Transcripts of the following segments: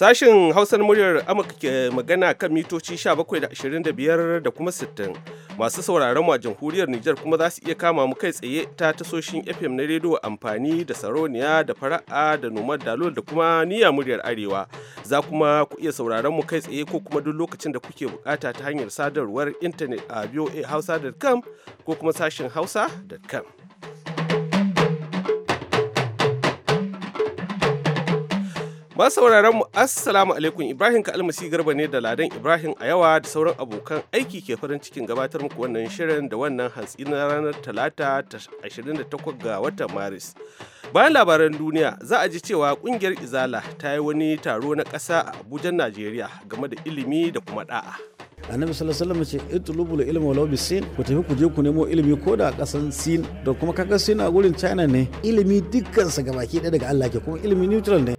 Sashen Hausar muryar Amurka ke magana kan mitoci 17.25 da kuma 60. Masu sauraron mu a jamhuriyar Nijar kuma za su iya kama mu kai tsaye ta tasoshin FM na rediyo amfani da Saroniya da Fara'a da Nomad Dalol da kuma Niyya muryar Arewa. Za kuma ku iya sauraron mu kai tsaye ko kuma duk lokacin da kuke bukata ta hanyar sadarwar intanet a voahausa.com ko kuma sashin hausa.com. Masu sauraron mu Assalamu alaikum Ibrahim ka almasi garba ne da Ladan Ibrahim a yawa da sauran abokan aiki ke farin cikin gabatar muku wannan shirin da wannan hantsi na ranar Talata 28 ga watan Maris. Bayan labaran duniya za a ji cewa kungiyar Izala ta yi wani taro na kasa a Abuja Najeriya game da ilimi da kuma da'a. annabi sallallahu alaihi wasallam ce itlubul ilma walau sin ku tafi ku je ku nemo ilimi ko da kasan sin da kuma kaga sin a gurin china ne ilimi dukkan sa gabaki ɗaya daga Allah ke kuma ilimi neutral ne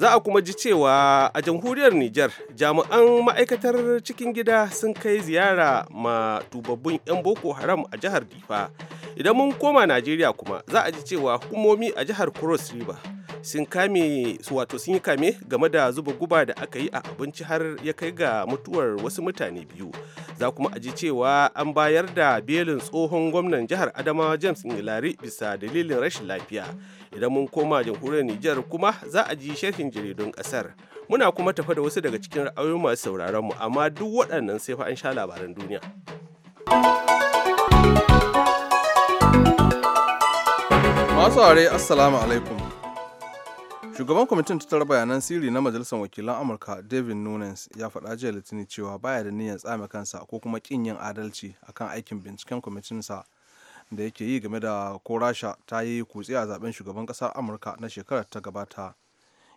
Za a kuma ji cewa a jamhuriyar Nijar jami'an ma'aikatar cikin gida sun kai ziyara ma tubabbun 'yan Boko Haram a jihar Difa. Idan mun koma Najeriya kuma za a ji cewa hukumomi a jihar Cross River sun kame wato sun yi kame game da zuba guba da aka yi a abinci har ya kai ga mutuwar wasu mutane biyu za kuma a ji cewa an bayar da belin tsohon gwamnan jihar adama james ingilari bisa dalilin rashin lafiya idan mun koma jamhuriyar Nijar kuma za a ji sharhin jaridun ƙasar. Muna kuma tafa da wasu daga cikin ra'ayoyin masu sauraron mu amma duk waɗannan sai fa an sha labaran duniya. Masu ware Assalamu alaikum. Shugaban kwamitin tattara bayanan sirri na Majalisar Wakilan Amurka David Nunes ya faɗa jiya Litinin cewa baya da niyyar tsame kansa ko kuma ƙin yin adalci akan aikin binciken kwamitinsa da yake yi game da ko rasha ta yi kutse a zaben shugaban ƙasar amurka na shekarar ta gabata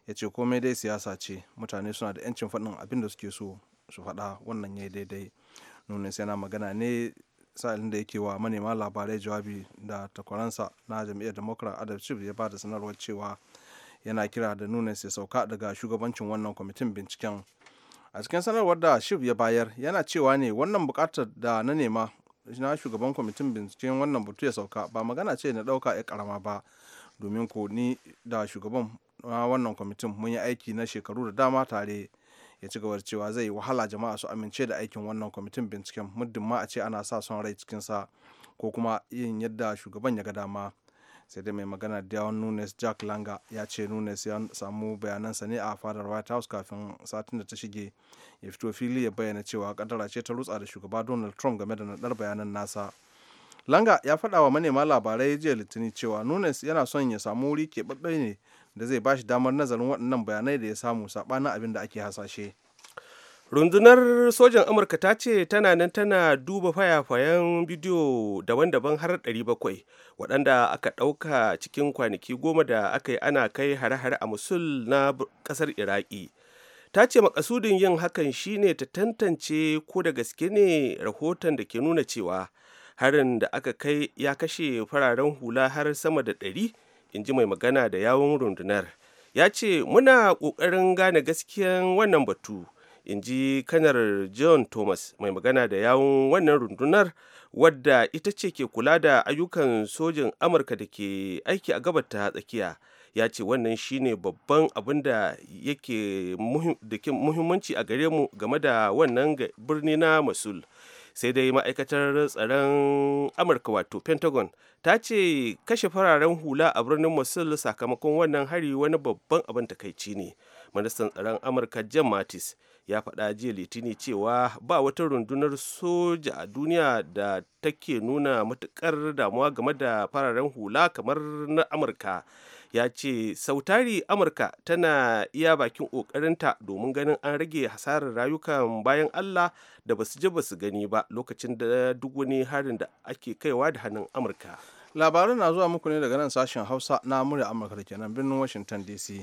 ya ce komai dai siyasa ce mutane suna da 'yancin faɗin abin da suke so su faɗa wannan ya daidai nuna sai na magana ne sa'ilin da yake wa manema labarai jawabi da takwaransa na jam'iyyar democrat adam chief ya ba da sanarwar cewa yana kira da nuna sai sauka daga shugabancin wannan kwamitin binciken a cikin sanarwar da shif ya bayar yana cewa ne wannan bukatar da na nema na shugaban kwamitin binciken wannan batu ya sauka ba magana ce na ɗauka ya karama ba domin ko ni da shugaban na wannan kwamitin mun yi aiki na shekaru da dama tare ya ci gaba cewa zai wahala jama'a su amince da aikin wannan kwamitin binciken muddin ma a ce ana sa son rai cikinsa ko kuma yin yadda shugaban ya ga dama sai dai mai magana da yawon nunes jack langa ya ce nunes ya samu bayanansa ne a fadar white house kafin satin da ta shige ya fito fili ya bayyana cewa kadara ce ta rutsa da shugaba donald trump game da nadar bayanan nasa langa ya faɗa wa manema labarai jiya litinin cewa nunes yana son ya samu wuri keɓaɓɓe ne da zai bashi damar nazarin waɗannan bayanai da ya samu saɓanin abin da ake hasashe rundunar sojan amurka ta ce tana nan tana duba fayafayen bidiyo daban-daban har 700 waɗanda aka ɗauka cikin kwanaki goma da aka yi ana kai hare-hare a musul na ƙasar iraki ta ce makasudin yin hakan shine ta tantance ko da gaske ne rahoton da ke nuna cewa harin da aka kai ya kashe fararen hula har sama da ɗari in ji mai magana da yawon rundunar ya ce muna ƙoƙarin gane gaskiyan wannan batu in ji kanar john thomas mai magana da yawun wannan rundunar wadda ita ce ke kula da ayyukan sojin amurka da ke aiki a gabar ta tsakiya ya ce wannan shine babban abin da yake muhimmanci a gare mu game da wannan birni na masul sai dai ma'aikatar tsaron amurka wato pentagon ta ce kashe fararen hula a birnin masul sakamakon wannan hari wani babban abin takaici ne ministan tsaron amurka jan mattis ya faɗa jiya litini cewa ba wata rundunar soja a duniya da take nuna matukar damuwa game da fararen hula kamar na amurka ya ce sautari amurka tana iya bakin ƙoƙarinta domin ganin an rage hasarar rayukan bayan allah da basu je basu gani ba lokacin da duk wani harin da ake kaiwa da hannun amurka labarin na zuwa muku ne daga nan sashen hausa na murya amurka da kenan birnin washington dc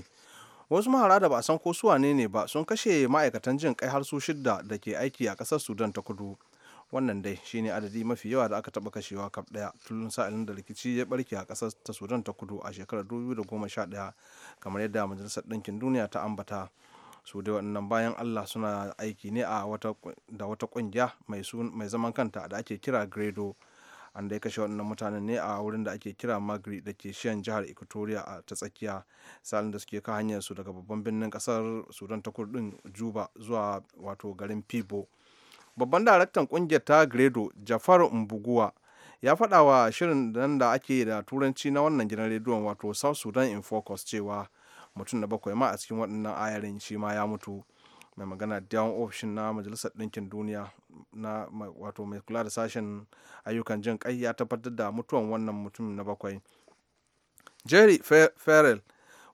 wasu mahara da ba a san ko su wane ne ba sun kashe ma'aikatan jin kai har su shidda da ke aiki a kasar sudan ta kudu wannan dai shine adadi mafi yawa da aka taba kashewa kaf daya tun sa'ilin da rikici ya barke a kasar ta sudan ta kudu a shekarar 2011 kamar yadda majalisar ɗinkin duniya ta ambata su dai waɗannan bayan allah suna aiki ne a da wata ƙungiya mai zaman kanta da ake kira gredo an dai kashe waɗannan mutanen ne a wurin da ake kira magri da ke shiyan jihar equatoria a ta tsakiya salin da suke ka hanyar su daga babban birnin kasar sudan ta kudin juba zuwa wato garin pibo babban daraktan kungiyar ta gredo jafar mbuguwa ya faɗa wa shirin nan da ake da turanci na wannan gidan rediyon wato south sudan in focus cewa mutum na bakwai ma a cikin waɗannan ayarin shi ma ya mutu mai magana da option ofishin na majalisar ɗinkin duniya na wato mai kula da sashen ayyukan jin kai ya tabbatar da mutuwan wannan mutum na bakwai jerry farrell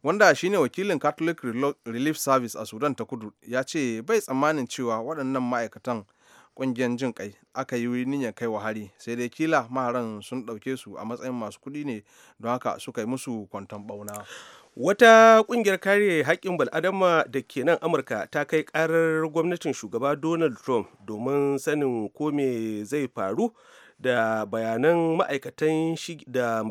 wanda shine wakilin catholic relief service a sudan ta kudu ya ce bai tsammanin cewa waɗannan ma'aikatan ƙungiyar jin kai aka yi niyyar kai wa hari sai dai kila maharan sun ɗauke su a matsayin masu kuɗi ne don haka suka yi musu kwanton ɓauna Wata ƙungiyar kare haƙƙin bal'adama da ke nan Amurka ta kai ƙarar gwamnatin shugaba Donald Trump domin sanin ko me zai faru da bayanan ma'aikatan da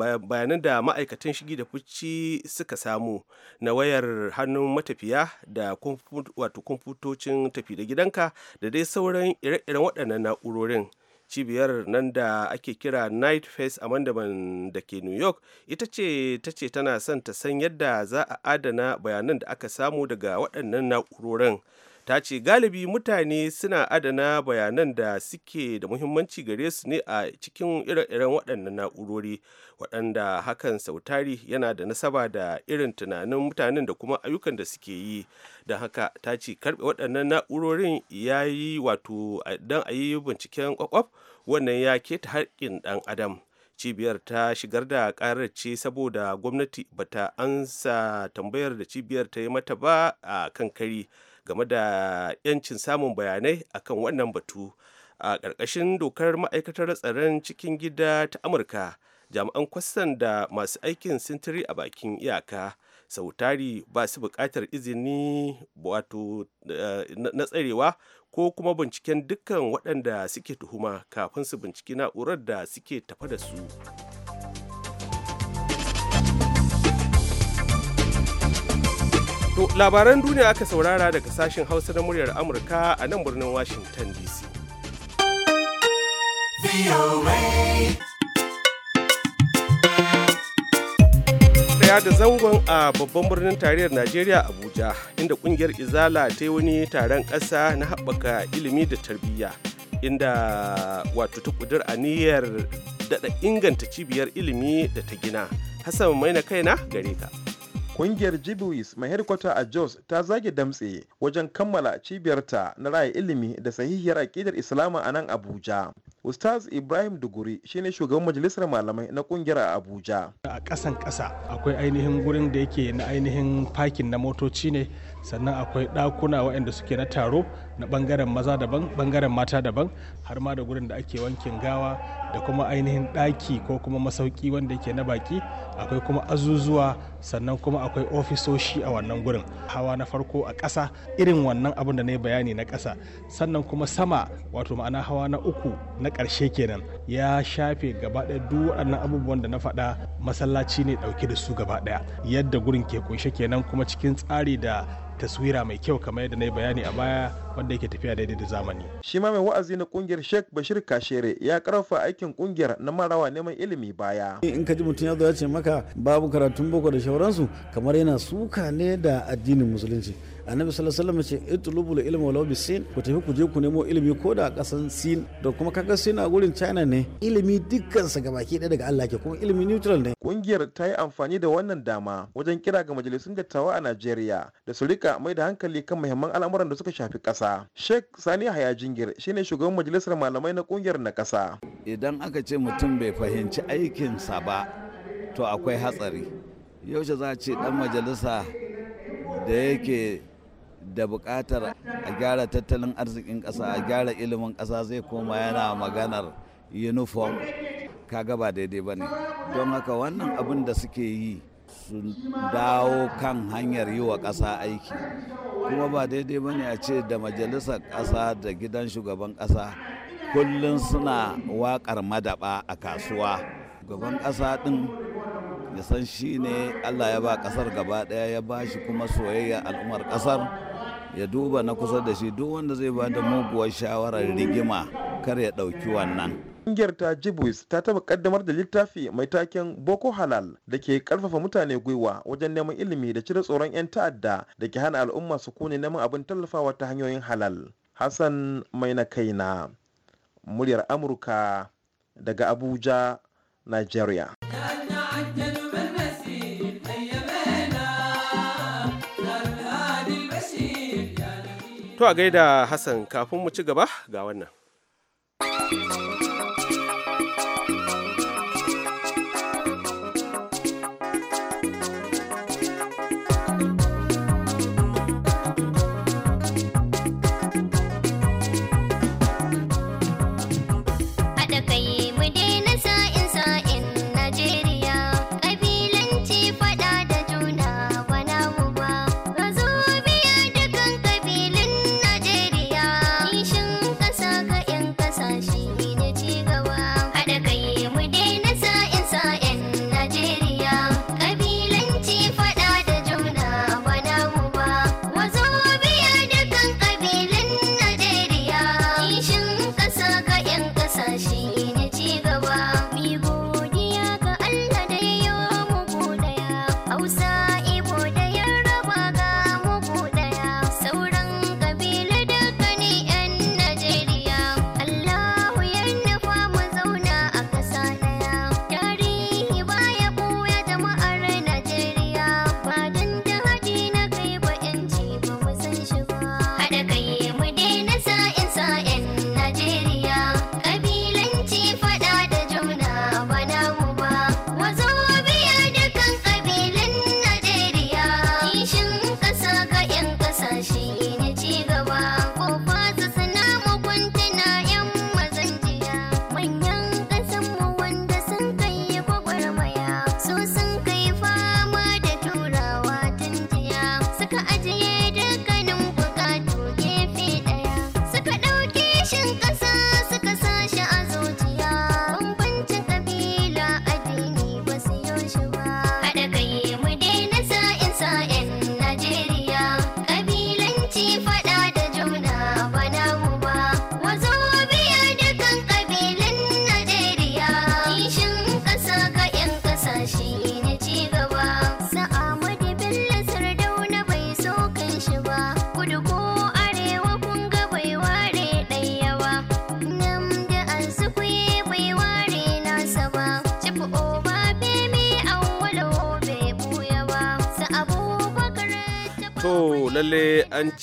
da ma'aikatan shigi da fici suka samu na wayar hannun matafiya da kumfutocin tafi da gidanka da dai sauran ire-iren waɗannan na'urorin. cibiyar nan da ake kira night face a mandaban da ke new york ita ce ta ce tana son ta san yadda za a adana bayanan da aka samu daga waɗannan na'urorin ta ce galibi mutane suna adana bayanan da suke da muhimmanci gare su ne a cikin ire-iren waɗannan na'urori waɗanda hakan sautari yana da nasaba da irin tunanin mutanen da kuma ayyukan da suke yi don haka ta ce karɓe waɗannan na'urorin ya yi wato don a yi binciken kwakwaf wannan ya keta haƙƙin ɗan adam cibiyar ta shigar da karar ce saboda gwamnati bata ansa tambayar da cibiyar ta yi mata ba a kankari kari game da 'yancin samun bayanai akan wannan batu a ƙarƙashin dokar ma'aikatar tsaron cikin gida ta amurka jami'an kwastan da masu aikin sintiri a bakin iyaka sautari tari ba su buƙatar izini wato eh, na tsarewa ko kuma binciken dukkan waɗanda suke tuhuma kafin su binciki na'urar da suke tafa da su. To labaran duniya aka saurara daga sashen Hausa na muryar Amurka a nan birnin Washington DC. Daya da zangon a babban birnin tarayyar Najeriya Abuja inda kungiyar Izala ta yi wani taron ƙasa na haɓaka ilimi da tarbiyya inda wato ta ƙudur aniyar daɗa inganta cibiyar ilimi da ta gina. Hassan mai na kaina gare ka. Kungiyar Jibuis mai herkwata a Jos ta zage damtse wajen kammala cibiyarta na raya ilimi da sahihiyar aƙidar Islama a nan Abuja. Ustaz Ibrahim Duguri shine shugaban majalisar malamai na kungiyar a Abuja. A ƙasan ƙasa akwai ainihin gurin da yake na ainihin fakin na motoci ne sannan akwai ɗakuna waɗanda suke na taro na ɓangaren maza daban ɓangaren mata daban har ma da gurin da ake wankin gawa da kuma ainihin ɗaki ko kuma masauki wanda yake na baki akwai kuma azuzuwa sannan kuma akwai ofisoshi a wannan gurin hawa na farko a ƙasa irin wannan abin da na yi bayani na ƙasa sannan kuma sama wato ma'ana hawa na uku na ƙarshe kenan ya shafe gaba ɗaya duk waɗannan abubuwan da na faɗa masallaci ne ɗauke da su gaba ɗaya yadda gurin ke kunshe kenan kuma cikin tsari da taswira mai kyau kamar yadda na yi bayani a baya wanda yake tafiya daidai da zamani. Shi ma mai wa'azi na kungiyar Sheikh Bashir Kashere ya karfafa aikin kungiyar na marawa neman ilimi baya. In ka ji mutum ya zo ya ce maka babu karatun boko da shauransu kamar yana suka ne da addinin musulunci. annabi sallallahu alaihi wasallam ce itlubul ilma bi sin ku tafi ku je ku nemo ilimi ko da kasan sin da kuma kaga sin a gurin china ne ilimi dukkan sa gabaki ɗaya daga Allah ke kuma ilimi neutral ne kungiyar ta yi amfani da wannan dama wajen kira ga majalisun dattawa a Najeriya da su rika mai da hankali kan muhimman al'amuran da suka shafi ƙasa Sheikh Sani Haya Jingir shine shugaban majalisar malamai na kungiyar na ƙasa idan aka ce mutum bai fahimci aikinsa ba to akwai hatsari yaushe za a ce dan majalisa da yake da buƙatar a gyara tattalin arzikin ƙasa a gyara ilimin ƙasa zai koma yana maganar uniform kaga ba daidai ba ne don haka wannan abin da suke yi su dawo kan hanyar yi wa ƙasa aiki kuma ba daidai ba ne a ce da majalisar ƙasa da gidan shugaban ƙasa kullum suna waƙar madaba a kasuwa gaban ƙasa ɗin ya san shi ne allah ya ba ƙasar gaba ɗaya ya ba shi kuma soyayya al'ummar ƙasar ya duba na kusa da shi duk wanda zai ba da muguwar shawarar rigima kar ya ɗauki wannan Ƙungiyar ta Jibwis ta taba ƙaddamar da littafi mai taken Boko Halal da ke ƙarfafa mutane gwiwa wajen neman ilimi da cire tsoron 'yan ta'adda da ke hana al'umma su kone neman abin tallafawa ta hanyoyin halal. Hassan mai na kai na muryar Amurka daga Abuja, Nigeria. To a gaida Hassan kafin mu ci gaba ga wannan.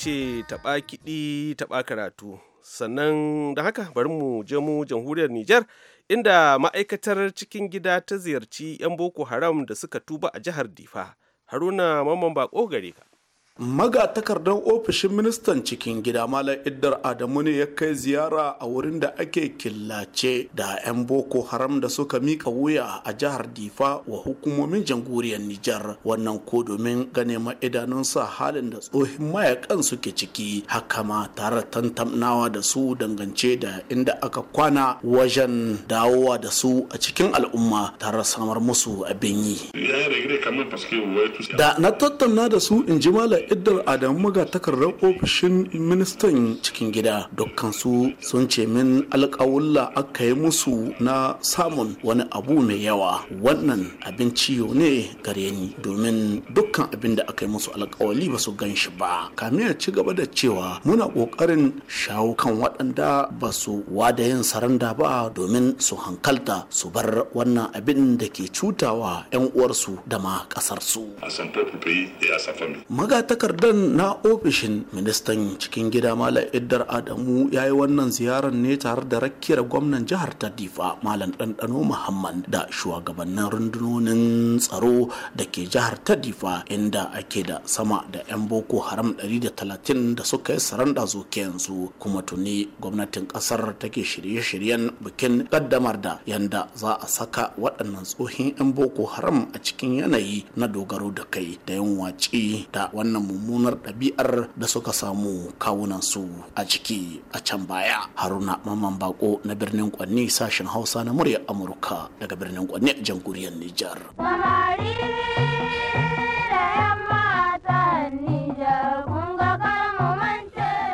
ce taɓa kiɗi taɓa karatu sannan da haka bari mu je mu jamhuriyar Nijar inda ma'aikatar cikin gida ta ziyarci 'yan boko haram da suka tuba a jihar Difa. Haruna Mamman Bako gare ka. magatakardan ofishin ministan cikin gida malam iddar adamu ne ya kai ziyara a wurin da ake killace da 'yan boko haram da suka mika wuya a jihar difa wa hukumomin jamhuriyar nijar wannan ko domin gane ma'idanunsa idanunsa halin da tsohin mayakan suke ciki haka ma tare tantamnawa da su dangance da inda aka kwana wajen dawowa da su a cikin al'umma tare samar musu abin yi da na tattauna da su in ji malam idar adamu maga takardar ofishin ministan cikin gida dukkan su sun ce min alƙawulla aka yi musu na samun wani abu mai yawa wannan abin ciyo ne gare ni domin dukkan abin da aka yi musu alƙawali ba su gan shi ba ya ci gaba da cewa muna ƙoƙarin shawo kan waɗanda ba su wada yin saranda ba domin su hankalta su bar wannan abin da ke cutawa 'yan uwarsu da ma ƙasarsu. Magata takardar na ofishin ministan cikin gida malam iddar adamu ya yi wannan ziyarar ne tare da rakkiyar gwamnan jihar ta difa malam ɗanɗano muhammad da shugabannin rundunonin tsaro da ke jihar ta difa inda ake da sama da 'yan boko haram 130 da suka yi saranda zoke yanzu kuma tuni gwamnatin ƙasar take shirye-shiryen bikin kaddamar da yanda za a saka waɗannan tsohin 'yan boko haram a cikin yanayi na dogaro da kai da yin waci da wannan mummunar ɗabi'ar da suka samu kawunansu a ciki a can baya haruna maman bako na birnin kwanni sashen hausa na murya amurka daga birnin kwanni a jamhuriyar nijar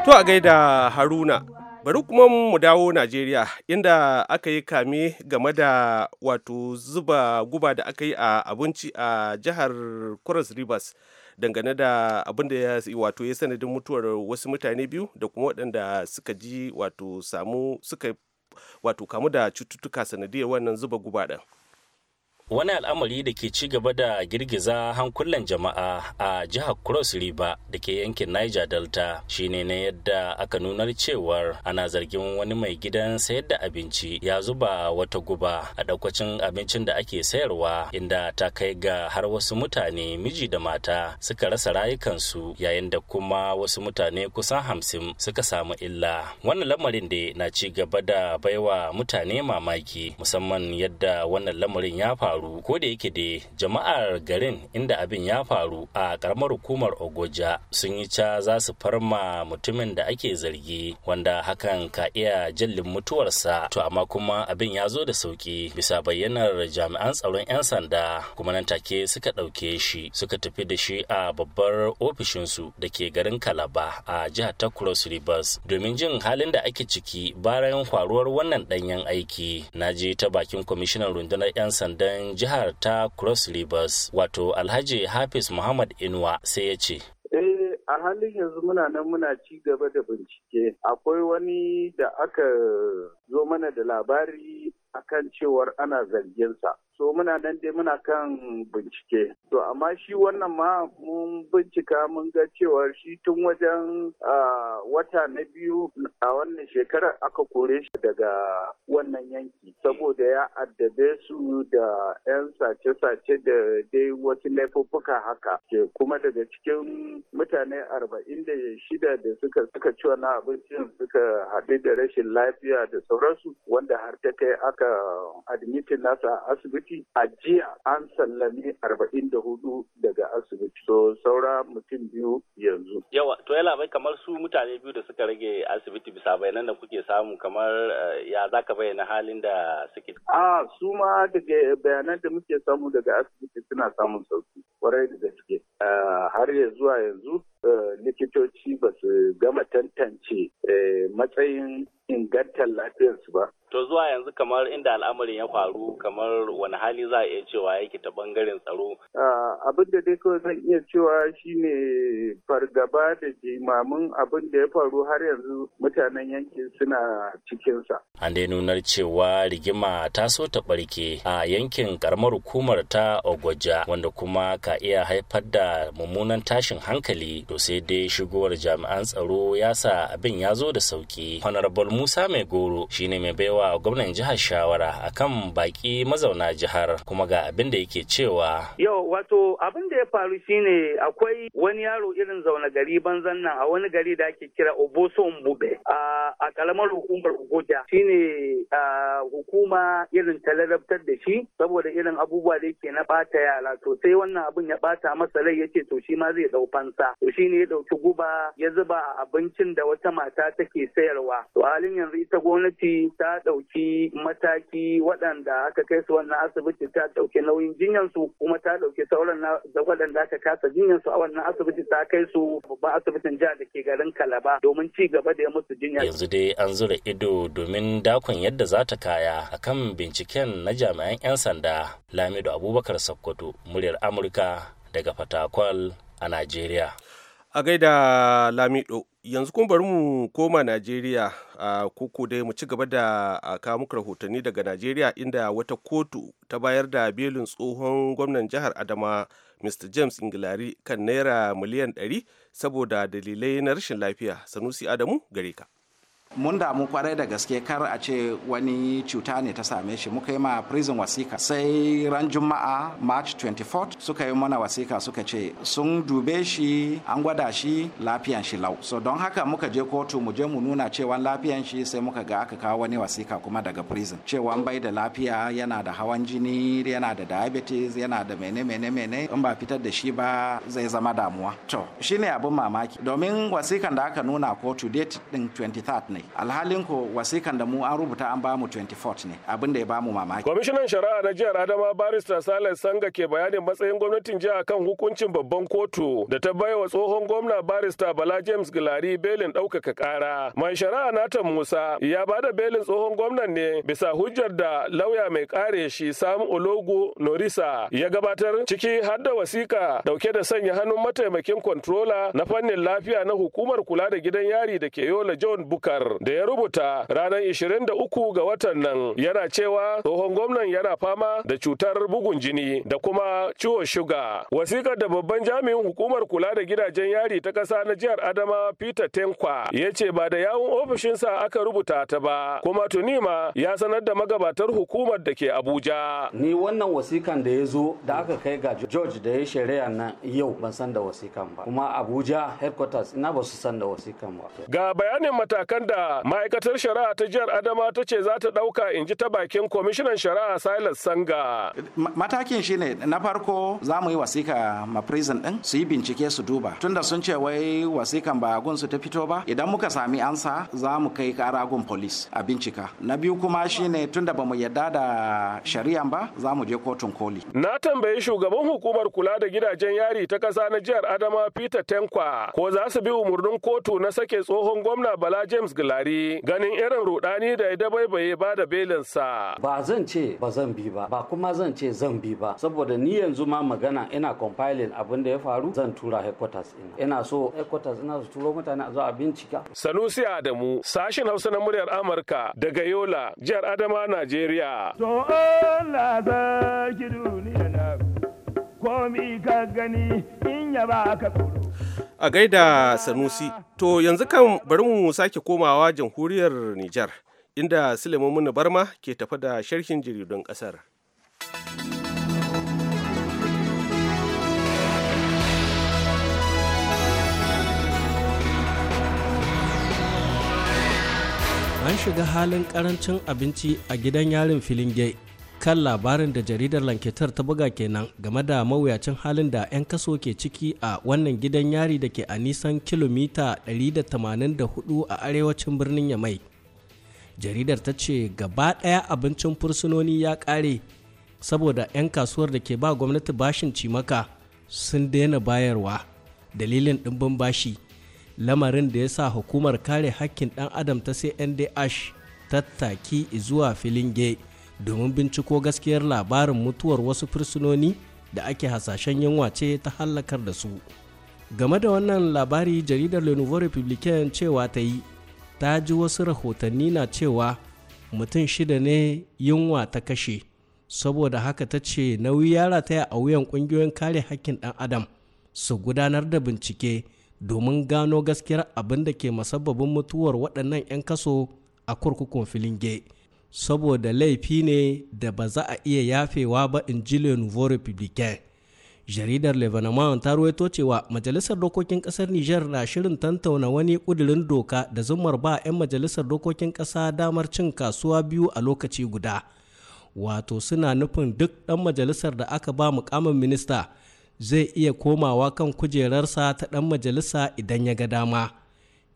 To a gaida Haruna, bari kuma mu dawo Najeriya inda aka yi kame game da wato zuba guba da aka yi a abinci a jihar Cross Rivers. dangane da abin da ya wato ya sanadin mutuwar wasu mutane biyu da kuma waɗanda suka ji wato samu suka wato kamu da cututtuka sanadiyar wannan zuba guba ɗin. wani al'amari da ke ci gaba da girgiza hankulan jama'a a jihar cross river da ke yankin niger delta shine na yadda aka nunar cewar ana zargin wani mai gidan sayar da abinci ya zuba wata guba a daukacin abincin da ake sayarwa inda ta kai ga har wasu mutane miji da mata suka rasa rayukansu yayin da kuma wasu mutane kusan hamsin suka samu illa wannan lamarin da na ci gaba da baiwa mutane mamaki musamman yadda wannan lamarin ya faru faru ko da yake dai jama'ar garin inda abin ya faru a karamar hukumar ogoja sun yi ca za su farma mutumin da ake zargi wanda hakan ka iya jallin mutuwarsa to amma kuma abin ya zo da sauki bisa bayyanar jami'an tsaron 'yan sanda kuma nan take suka ɗauke shi suka tafi da shi a babbar ofishinsu da ke garin kalaba a jihar ta cross rivers domin jin halin da ake ciki bayan faruwar wannan ɗanyen aiki na je ta bakin kwamishinan rundunar 'yan sandan jihar ta cross rivers wato alhaji hafiz muhammad inuwa sai ya ce eh, a halin yanzu muna nan muna ci gaba da bincike akwai wani da aka zo mana da labari akan cewar ana zarginsa. So muna nan dai muna kan bincike. To amma shi wannan ma mun bincika mun ga cewar shi tun wajen wata na biyu a wannan shekarar aka kore shi daga wannan yanki saboda ya addabe su da 'yan sace-sace da dai wasu laifuffuka haka. Ke kuma daga cikin mutane arba'in da shida da suka suka cewa na abincin suka haɗu da rashin lafiya da sauransu wanda har ta kai aka aka admitin nasa a asibiti a jiya an sallame arba'in da hudu daga asibiti so saura mutum biyu yanzu. Yawa to yana bai kamar su mutane biyu da suka rage asibiti bisa bayanan da kuke samu kamar eh, ya za ka bayyana halin da suke. A ah, su ma daga bayanan da muke samu daga asibiti suna samun sauki. kwarai da gaske har ya zuwa yanzu e, likitoci ba su gama tantance e, matsayin ingantar lafiyarsu ba to zuwa yanzu kamar inda al'amarin ya faru kamar wani hali za a iya cewa yake ta bangaren tsaro abin da dai kawai zan iya cewa shine fargaba da jimamin abin da ya faru har yanzu mutanen yankin suna cikinsa an dai nunar cewa rigima ta so ta barke a yankin karamar hukumar ta ogoja wanda kuma ka iya haifar da mummunan tashin hankali to sai dai shigowar jami'an tsaro ya sa abin ya zo da sauki honorable musa mai goro shine mai baiwa gwamnan jihar shawara akan baki mazauna jihar kuma ga abin da yake cewa yau wato abin da ya faru shine akwai wani yaro irin zaune gari banzan nan a wani gari da ake kira oboso mbube a kalamar hukumar ogoja shine hukuma irin ta ladabtar da shi saboda irin abubuwa da yake na bata yara to sai wannan abin abin ya bata masa rai yace to shi ma zai dau fansa to shi ne ya dauki guba ya zuba a abincin da wata mata take sayarwa to halin yanzu ita gwamnati ta dauki mataki waɗanda aka kai su wannan asibiti ta dauki nauyin jinyan su kuma ta dauki sauran da waɗanda aka kasa jinyan su a wannan asibiti ta kai su babban asibitin jihar da ke garin Kalaba domin ci gaba da ya musu jinya yanzu dai an zura ido domin dakon yadda za ta kaya akan binciken na jami'an 'yan sanda Lamido Abubakar Sokoto muryar Amurka daga fatakwal a najeriya a gaida lamido yanzu kun bari mu koma najeriya ko dai mu ci gaba da kawo muku rahotanni daga najeriya inda wata kotu ta bayar da belin tsohon gwamnan jihar adama mr james ingilari kan naira miliyan 100 saboda dalilai na rashin lafiya sanusi adamu gare ka mun damu kwarai da gaske kar a ce wani cuta ne ta same shi muka yi ma prison wasika sai ran juma'a march 24 suka yi mana wasika suka ce sun dube shi an gwada shi lafiyan shi lau so don haka muka je kotu mu je mu nuna cewa lafiyan shi sai muka ga aka kawo wani wasika kuma daga prison cewa bai da lafiya yana da hawan jini yana da diabetes yana da mene mene mene in ba fitar da shi ba zai zama damuwa to shine abun mamaki domin wasikan da aka nuna kotu date din 23 ne ne alhalin ko wasikan da mu an rubuta an ba mu 24 ne abin da ya ba mu mamaki kwamishinan shari'a na jihar adama barista salis sanga ke bayanin matsayin gwamnatin jiha kan hukuncin babban kotu da ta baiwa tsohon gwamna barista bala james gilari belin ɗaukaka ƙara mai shari'a nata musa ya ba da belin tsohon gwamnan ne bisa hujjar da lauya mai kare shi sam ologu norisa ya gabatar ciki har da wasika dauke da sanya hannun mataimakin kwantrola na fannin lafiya na hukumar kula da gidan yari da ke yola john bukar da ya rubuta ranar 23 ga watan nan yana cewa tsohon gwamnan yana fama da cutar bugun jini da kuma ciwon shuga. Wasikar da babban jami'in hukumar kula da gidajen yari ta ƙasa na jihar Adama Peter Tenkwa ya ce ba da yawun ofishinsa aka rubuta ta ba kuma tuni ma ya sanar da magabatar hukumar da ke Abuja. Ni wannan wasikan da ya zo da aka kai ga George da ya shari'a nan yau ban san da wasikan ba. Kuma Abuja headquarters ina ba su san da wasikan ba. Ga bayanin matakan da ma'aikatar shari'a ta jihar Adama ta ce za ta ɗauka in ji ta bakin kwamishinan shari'a Silas Sanga. Matakin shine na farko za mu yi wasika ma prison ɗin su yi bincike su duba tunda sun ce wai wasikan ba gun su ta fito ba idan muka sami ansa za mu kai kara gun polis a bincika. Na biyu kuma shine tunda ba mu yarda da shari'an ba za mu je kotun koli. Na tambayi shugaban hukumar kula da gidajen yari ta ƙasa na jihar Adama Peter Tenkwa ko za su bi umarnin kotu na sake tsohon gwamna Bala James Gila Lari ganin irin rudani da ya dabaibaye ba da belinsa. Ba zan ce ba zan bi ba, ba kuma zan ce zan bi ba, saboda ni yanzu ma magana ina compiling abin da ya faru zan tura headquarters ina. Ina so headquarters ina su turo mutane a zo a bincika. Sanusi Adamu, sashin Hausa na muryar Amurka daga Yola, jihar Adama, Najeriya. So Allah duniya na komi ka gani in ya ba ka tsoro. a gaida sanusi to yanzu kan bari mu sake komawa jamhuriyar nijar inda suleiman barma ke tafa da sharhin jaridun kasar an shiga halin karancin abinci a gidan yarin filin gai kan labarin da jaridar lanketar ta buga kenan game da mawuyacin halin da 'yan kaso ke ciki a wannan gidan yari da ke a nisan kilomita 184 a arewacin birnin yamai jaridar ta ce gaba ɗaya abincin fursunoni ya ƙare saboda 'yan kasuwar da ke ba gwamnati bashin cimaka sun daina bayarwa dalilin ɗimbin bashi lamarin da ya sa hukumar kare hakkin ɗan adam ta sai ndh tattaki zuwa filin gate domin binciko gaskiyar labarin mutuwar wasu fursunoni da ake hasashen yunwa ce ta hallakar da su game da wannan labari jaridar le nouveau republicain cewa ta yi ta ji wasu rahotanni na cewa mutum shida ne yunwa ta kashe saboda haka ta ce nauyi ya rataya a wuyan kungiyoyin kare hakkin ɗan adam su gudanar da bincike domin gano gaskiyar abin da ke musabbabin mutuwar waɗannan 'yan kaso a kurkukun filinge. saboda laifi ne da ba za a iya yafewa ba in ji le nouveau républicain jaridar lebanon ta ruwaito cewa majalisar dokokin kasar niger na shirin tantauna wani kudirin doka da zumar ba 'yan majalisar dokokin kasa damar cin kasuwa biyu a lokaci guda wato suna nufin duk ɗan majalisar da aka ba mukamin minista zai iya komawa kan kujerarsa ta ɗan majalisa idan ya ga dama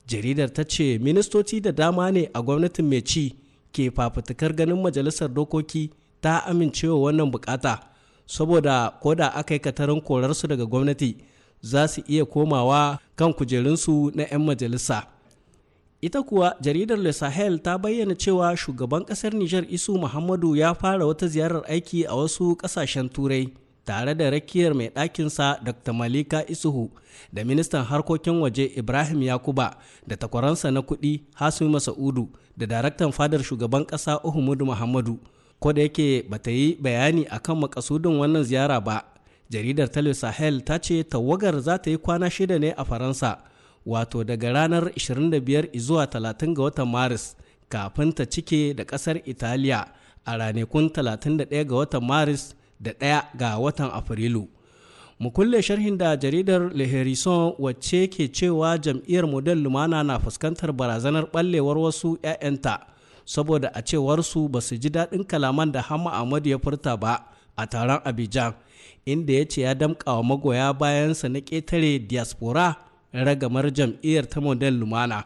jaridar ta ce ministoci da dama ne a gwamnatin mai ci ke fafutukar ganin majalisar dokoki ta amincewa wannan bukata saboda koda aka yi katarin korarsu daga gwamnati za su iya komawa kan kujerunsu na 'yan majalisa ita kuwa jaridar le sahel ta bayyana cewa shugaban kasar nijar isu muhammadu ya fara wata ziyarar aiki a wasu kasashen turai tare da rakiyar mai ɗakinsa dr malika isuhu da ministan harkokin waje ibrahim yakuba da takwaransa na kuɗi hasu masa'udu da daraktan fadar shugaban kasa Uhumudu Muhammadu. Ko da yake bata yi bayani akan makasudin wannan ziyara ba, jaridar Tele Sahel ta ce tawagar za ta yi kwana shida ne a Faransa, wato daga ranar 25 zuwa 30 ga watan Maris, kafin ta cike da kasar Italiya a ranakun 31 ga watan Maris da 1 ga watan Afrilu. mu kulle sharhin da jaridar le harrison wacce ke cewa jam'iyyar model lumana na fuskantar barazanar ɓallewar wasu 'ya'yanta saboda a cewarsu ba su ji daɗin kalaman da hama ahmadu ya furta ba a taron abidjan inda ya ce ya damƙa wa magoya bayansa na ƙetare diaspora ragamar jam'iyyar ta model lumana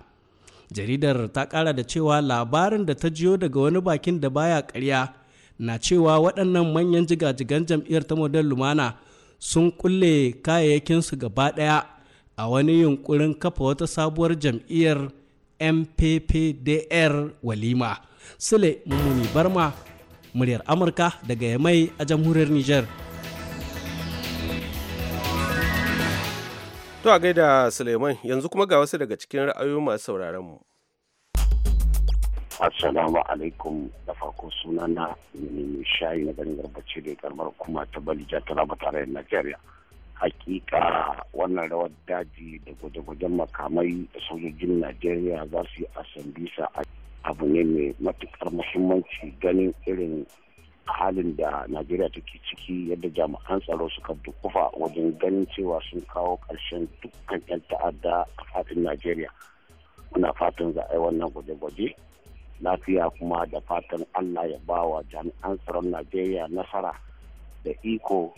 jaridar ta ƙara da cewa labarin da ta jiyo daga wani bakin da baya ƙarya na cewa waɗannan manyan jigajigan jam'iyyar ta model lumana sun kulle kayayyakinsu gaba ɗaya a wani yunkurin kafa wata sabuwar jam'iyyar mppdr walima sule mummuni barma muryar amurka daga yamai a jamhuriyar niger to a gaida suleiman yanzu kuma ga wasu daga cikin ra'ayoyi masu sauraron mu Assalamu alaikum da farko suna na mai shayi na garin garbace da karmar kuma ta balija ta raba da Najeriya. Hakika wannan rawar daji da gwaje-gwajen makamai da sojojin Najeriya za su yi a abu ne mai matukar muhimmanci ganin irin halin da Najeriya take ciki yadda jami'an tsaro suka dukufa wajen ganin cewa sun kawo ƙarshen dukkan 'yan ta'adda a fatin Najeriya. Muna fatan za a yi wannan gwaje-gwaje lafiya kuma da fatan allah ya ba wa jami'an tsaron najeriya nasara da iko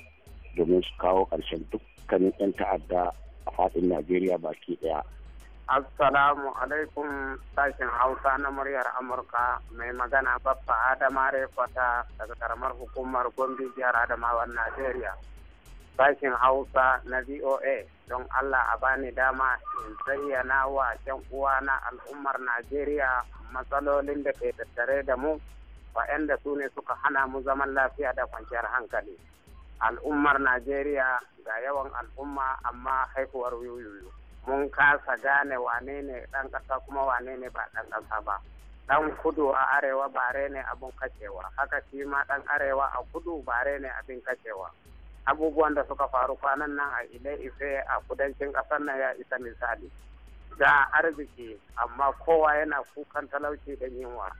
domin su kawo ƙarshen dukkanin 'yan ta'adda a faɗin najeriya baki ɗaya assalamu alaikum sashen hausa na muryar amurka mai magana baffa adama Rekwata daga karamar hukumar gombe jihar adamawa najeriya sashen hausa na voa don Allah a bani dama in zayyana wa yan uwa na al'ummar Najeriya matsalolin da ke tattare da mu waɗanda su ne suka hana mu zaman lafiya da kwanciyar hankali. Al'ummar Najeriya ga yawan al'umma amma haihuwar yuyuyu. Mun kasa gane wane ne ɗan ƙasa kuma wane ne ba ɗan ƙasa ba. Ɗan kudu a arewa bare ne abin kashewa, haka shi ma ɗan arewa a kudu bare ne abin kashewa. abubuwan da suka faru kwanan nan a ile ife a kudancin ƙasar nan ya isa misali ga arziki amma kowa yana kukan talauci da yunwa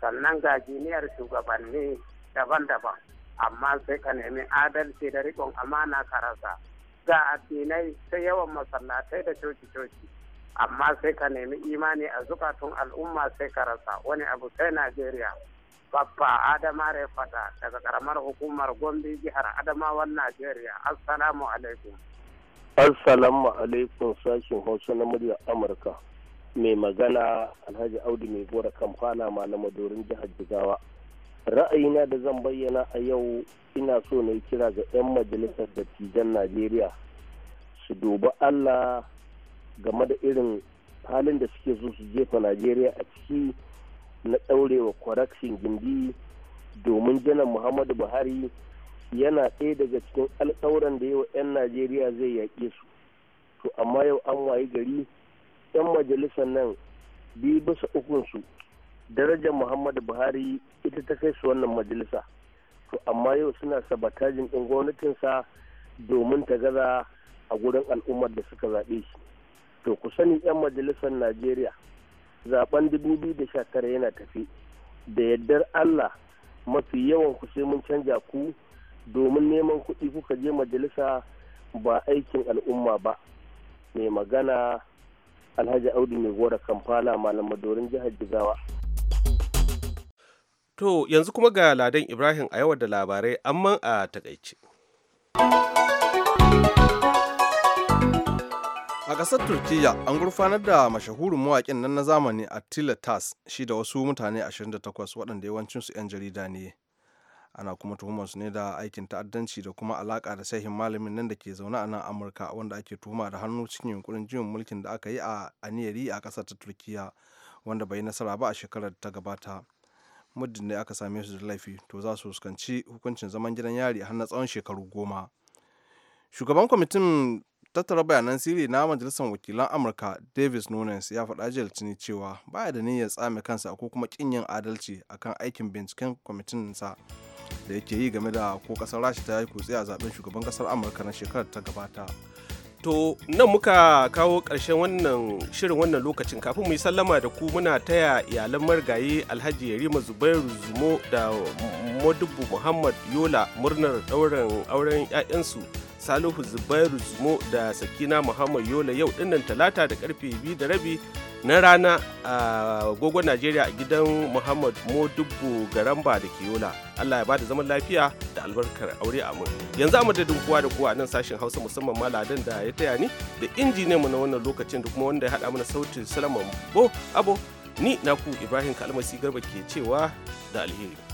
sannan ga jiniyar shugabanni daban-daban amma sai ka nemi adalci da riƙon amana karasa. rasa ga addinai sai yawan masallatai da coci-coci amma sai ka nemi imani a zukatun al'umma sai ka rasa wani abu sai najeriya Baffa Adama Refata daga karamar hukumar Gombe jihar Adamawan Najeriya. Assalamu alaikum. Assalamu alaikum sashen Hausa na muryar Amurka. Mai magana Alhaji Audu mai gora kamfana malama dorin jihar Jigawa. Ra'ayina da zan bayyana a yau ina so na yi kira ga 'yan majalisar dattijan Najeriya su dubi Allah game da irin halin da suke so su jefa Najeriya a ciki. na ɗaurewa corruption gindi domin janar muhammadu buhari yana ɗaya daga cikin alƙawuran da yawa 'yan najeriya zai yaƙe su to amma yau an wayi gari 'yan majalisar nan biyu bisa ukunsu darajar muhammadu buhari ita ta kai su wannan majalisa to amma yau suna sabatajin ɗin gwamnatinsa domin ta gaza a gurin al'ummar da suka zaɓe shi to ku sani 'yan majalisar najeriya zaben 2019 yana tafi da yardar Allah mafi yawan ku sai mun canja ku domin neman kuɗi kuka je majalisa ba aikin al'umma ba mai magana alhaji audu mai gora kamfala malam madorin jihar jigawa to yanzu kuma ga ladan ibrahim a yawa da labarai amma a takaice. a ƙasar turkiyya an gurfanar da mashahurin mawaƙin nan na zamani attila tas shi da wasu mutane 28 waɗanda yawancinsu 'yan jarida ne ana kuma tuhumar su ne da aikin ta'addanci da kuma alaƙa da sahihin malamin nan da ke zaune a nan amurka wanda ake tuhuma da hannu cikin yunkurin juyin mulkin da aka yi a aniyari a ƙasar ta turkiyya wanda bai nasara ba a shekarar ta gabata muddin da aka same su da laifi to za su fuskanci hukuncin zaman gidan yari har na tsawon shekaru goma shugaban kwamitin tattara bayanan sirri na majalisar wakilan amurka davis nunes ya faɗa jiya litinin cewa baya da niyyar tsame kansa ko kuma kin yin adalci akan aikin binciken kwamitin sa da yake yi game da ko kasar rashi ta yi kutse a zaben shugaban kasar amurka na shekarar ta gabata to nan muka kawo karshen wannan shirin wannan lokacin kafin mu yi sallama da ku muna taya iyalan margaye alhaji yarima zubairu zumo da madubu muhammad yola murnar ɗaurin auren 'ya'yansu salihu zubairu zumo da sakina muhammad yola yau dinnan talata da karfe biyu da rabi na rana a gogon najeriya a gidan muhammad modubbo garamba da yola allah ya bada zaman lafiya da albarkar aure a mun yanzu a madadin kowa da kowa nan sashen hausa musamman maladan da ya taya ni da mu na wannan lokacin da kuma wanda ya haɗa mana sautin salaman bo abo ni naku ibrahim kalmasi garba ke cewa da alheri